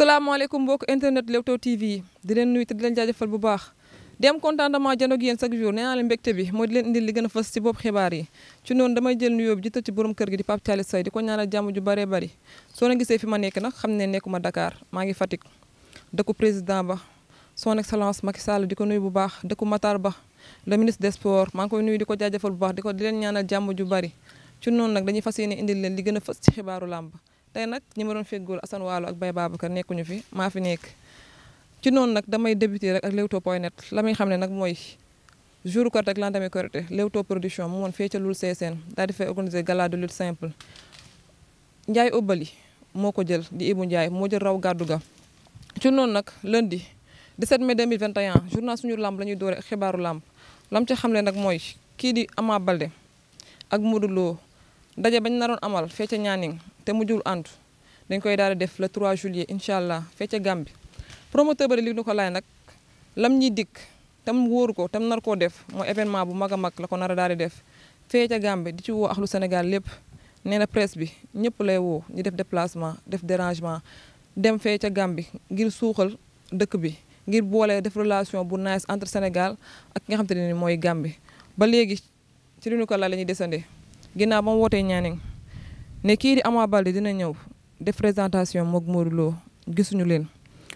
salaamaaleykum mbokk internet Leewtoo TV di leen nuyu te di leen jaajëfal bu baax di am contentement jano ak yéen chaque jour nee naa leen mbégte bi mooy di leen indil li gën a fës ci bopp xibaar yi ci noonu damay jël nuyoo bi kër gi di Pape Thialis Seye di ko ñaanal jàmm ju bëree bëri soo gisee fi ma nekk nag xam ne nekkuma Dakar maa ngi Fatick dëkku président ba son excellence Macky Sall di ko nuyu bu baax dëkku Matar Ba le ministre des sports maa ngi koy nuyu di ko jaajëfal bu baax di ko di leen ñaanal jàmm ju bëri ci noonu nag dañuy fas yéene indil leen li gën a fës ci xibaaru làmb tey nag ñi ma doon feggool Assane Waalo ak Baye ka nekkuñu fi maa fi nekk ci noonu nag damay débuté rek ak Leewtoo point net la muy xam ne nag mooy jour Korité ak lendemain Korité Leewtoo production mu woon fee Loul Sessène daal di fay organiser gala de lutte simple Ndiaye Obali moo ko jël di Ibou moo jël raw gàddu ga ci noonu nag lundi 17 mai 2021 journal suñu lamb la ñuy doore ak xibaaru lamb lam ca xamle nag mooy kii di amaa Balde ak Modou Lo daje bañ naroon amal fee ca Nianing te mu jur antu dañ koy daal def la trois juillet incha allah fecca Gambie promoteur ba de ko Nicolaï nag lam ñi dikk tam wóor ko tam nar koo def mooy événement bu mag a mag la ko nar a daal di def fecca Gambie di ci woo axlu Sénégal lépp nee na presse bi ñëpp lay woo ñu def déplacement def dérangement dem fecca Gambie ngir suuxal dëkk bi ngir boole def relation bu nice entre Sénégal ak nga xam te ne mooy Gambie ba léegi ci Luc Nicolaï la ñuy desande ginnaaw ba wootee ñaaning ne kii di Ama Baldé dina ñëw def présentation moog Modou Lo gisuñu leen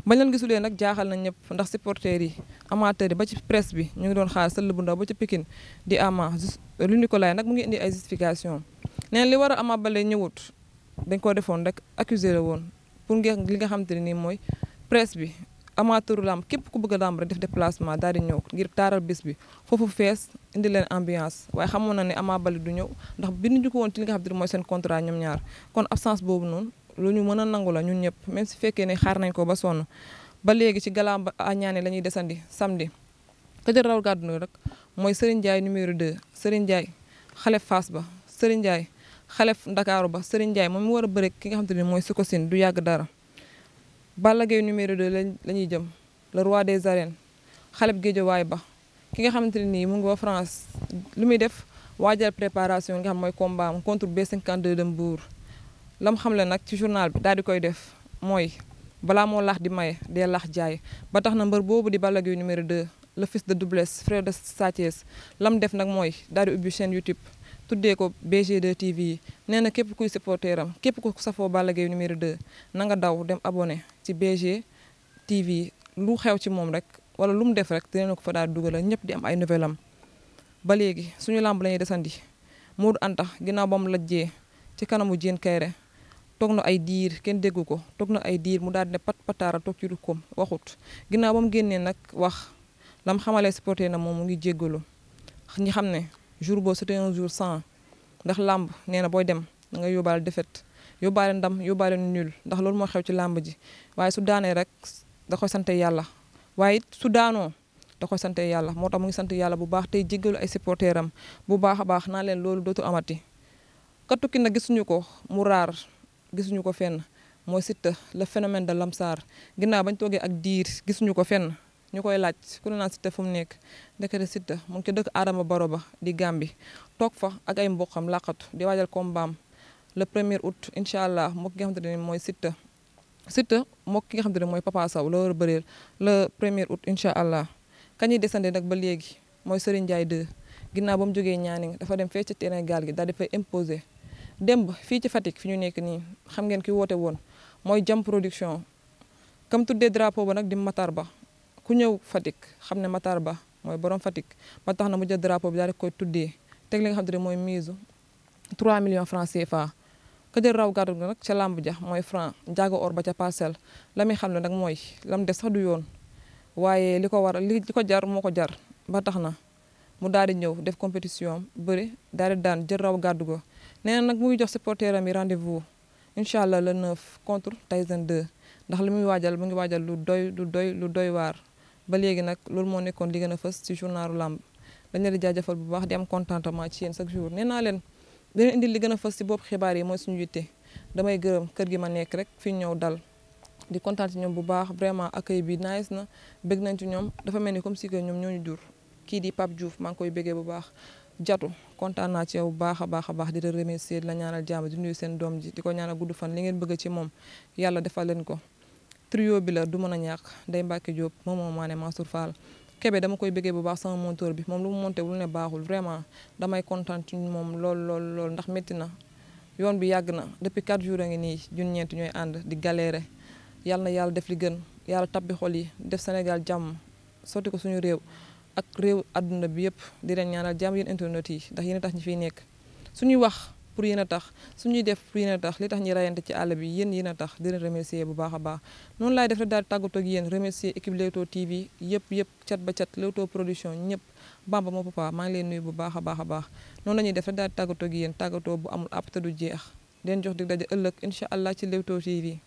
bañ leen gisuleen nag jaaxal na ñëpp ndax supporters yi amateurs yi ba ci presse bi ñu ngi doon xaar sëll bu ndaw ba ci pikin di Ama lu ñu nag mu ngi indi ay justification neen li war a Ama Baldé ñëwut dañ koo defoon rek accusé la woon pour ngeen li nga xamante ne nii mooy presse bi amateur lamb képp ku bëgg a lamb def déplacement daal di ñëw ngir taaral bis bi foofu fees indi leen ambiance waaye xamoon na ne Ama Baldé du ñëw ndax binduñu ko woon ci li nga xam ne mooy seen contrat ñoom ñaar kon absence boobu noonu lu ñu mën a nangu la ñun ñëpp même si fekkee ne xaar ko ba sonn ba léegi ci galam a ah, ñaane la ñuy desandi samedi ka jël raw mooy Serigne Ndiaye numéro 2 Ndiaye xale Fass ba Serigne Ndiaye xale Ndakaaru ba Serigne Ndiaye moom war a bëre ki nga xam te ne mooy ko Sokosine du yàgg dara Balla Gaye numéro de lañ la ñuy jëm le roi des arènes xaleb Géejawaay ba ki nga xamante ne nii mu ngi ba France lu muy def waajal préparation nga xam mooy combat am contre B52 de Mbour lam xam le nag ci journal bi daal di koy def mooy balaa moo laax di may dee laax jaay ba tax na mbër boobu di Balla Gaye numéro de le fils de Double Less de Sa Thiès lam def nag mooy daal ubbi seen YouTube tuddee ko BG2 TV yi nee na képp kuy supporter am képp ku safoo Balla Gaye numéro 2 na nga daw dem abonné ci BG TV lu xew ci moom rek wala lu mu def rek dinañ ko fa daal dugal ñëpp di am ay nouvelle ba léegi suñu làmb la ñuy desandi Modou Anta ginnaaw ba mu lajjee ci kanamu Diène Kaïré toog na ay diir kenn déggu ko toog na ay diir mu daal ne pat pataara toog ci rukkoom waxut ginnaaw ba mu génnee nag wax lam xamalee supporter na moom mu ngi jéggalu ñi xam ne jour boobu c'était un jour cent ndax làmb nee na booy dem da nga defet défaite yóbbaale ndam yóbbaale nul ndax loolu moo xew ci làmb ji waaye su daanee rek da koy sant yàlla waaye it su daanoo da koy sant yàlla moo tax mu ngi sant yàlla bu baax tey jéggalu ay supporters am bu baax a baax naa leen loolu dootu amati tukki na gisuñu ko mu raar gisuñu ko fenn mooy Siteu la phénomène de Lamsar ginnaaw bañ toogee ak diir gisuñu ko fenn ñu koy laaj ku ne naan Siteu fu mu nekk ndekete Siteu mu ngi ci dëkk Adama Baro ba di Gàmbi toog fa ak ay mboqam làqatu di waajal kombaam le premier août incha allah moo ki nga mooy Siteu Siteu moo ki nga mooy Papa Sow la war a bëreel le premier août incha allah kañuy descendre nag ba léegi mooy Serigne Ndiaye 2 ba mu jógee ñaaning dafa dem fee ci gi daal di fay imposer démb fii ci Fatick fi ñu nekk nii xam ngeen ki woote woon mooy jam production comme tuddee drapeau ba nag di mataar Ba ku ñëw Fatick xam ne Matar Ba mooy borom Fatick ba tax na mu jël drapeau bi daal di koy tuddee teg li nga xam te mooy mise 3 millions francs CFA. ka jël raw gàddu nag ca làmb ja mooy franc njaago or ba ca parcelle la xam ne nag mooy la mu def sax yoon waaye li ko war li ko jar moo ko jar ba tax na mu daal di ñëw def compétition bëri daal di daan jël raw gàddu go nee nag muy jox supporter am yi rendez-vous incha allah le 9 contre Tyson 2 ndax li muy waajal mu ngi waajal lu doy lu doy lu doy waar. ba léegi nag loolu moo nekkoon li gën a fës ci journalu làmb dañ leen di jaajëfal bu baax di am contentement ci yéen chaque jour nee naa leen dinañ indil li gën a fës ci bopp xibaar yi mooy suñu yitte damay gërëm kër gi ma nekk rek fii ñëw dal di kontaan ñoom bu baax vraiment accueil bi nice na bëgg nañ ci ñoom dafa mel ni comme si que ñoom ñooñu jur kii di Pape Diouf maa koy bëggee bu baax jatu kontaan naa ci yow bu baax a baax a baax di la remercier di la ñaanal jàmm di nuyu seen doom ji di ko ñaanal gudd fan li ngeen bëgg ci moom yàlla defal leen ko trio bi la du mën a ñàkk Ndeye Mbacke Diop moom moo maa ne Mansour Fall Kébé dama koy bëggee bu baax sama monteur bi moom lu mu monté wul ne baaxul vraiment damay kontaan ci moom lool lool lool ndax metti na yoon bi yàgg na depuis 4 jours a ngi nii ñun ñeenti ñooy ànd di galéré yàlla na yàlla def li gën yàlla tabbi xol yi def Sénégal jàmm sotti ko suñu réew ak réew àdduna bi yëpp di leen ñaanal jàmm yéen internet yi ndax yéen a tax ñu fiy nekk suñuy pour yéen a tax suñuy def pour yéen tax li tax ñuy rayante ci àll bi yéen yéen tax di leen bu baax a baax noonu lay def rek daal tàggatoo ak yéen remercier équipe Leewtoo TV yëpp yëpp cat ba cat Leewtoo production ñëpp Bamba moo papa maa ngi leen nuyu bu baax a baax a baax noonu la ñuy def rek daal tàggatoo ak yéen tàggatoo bu amul àpp te du jeex den jox dig daje ëllëg incha allah ci Leewtoo TV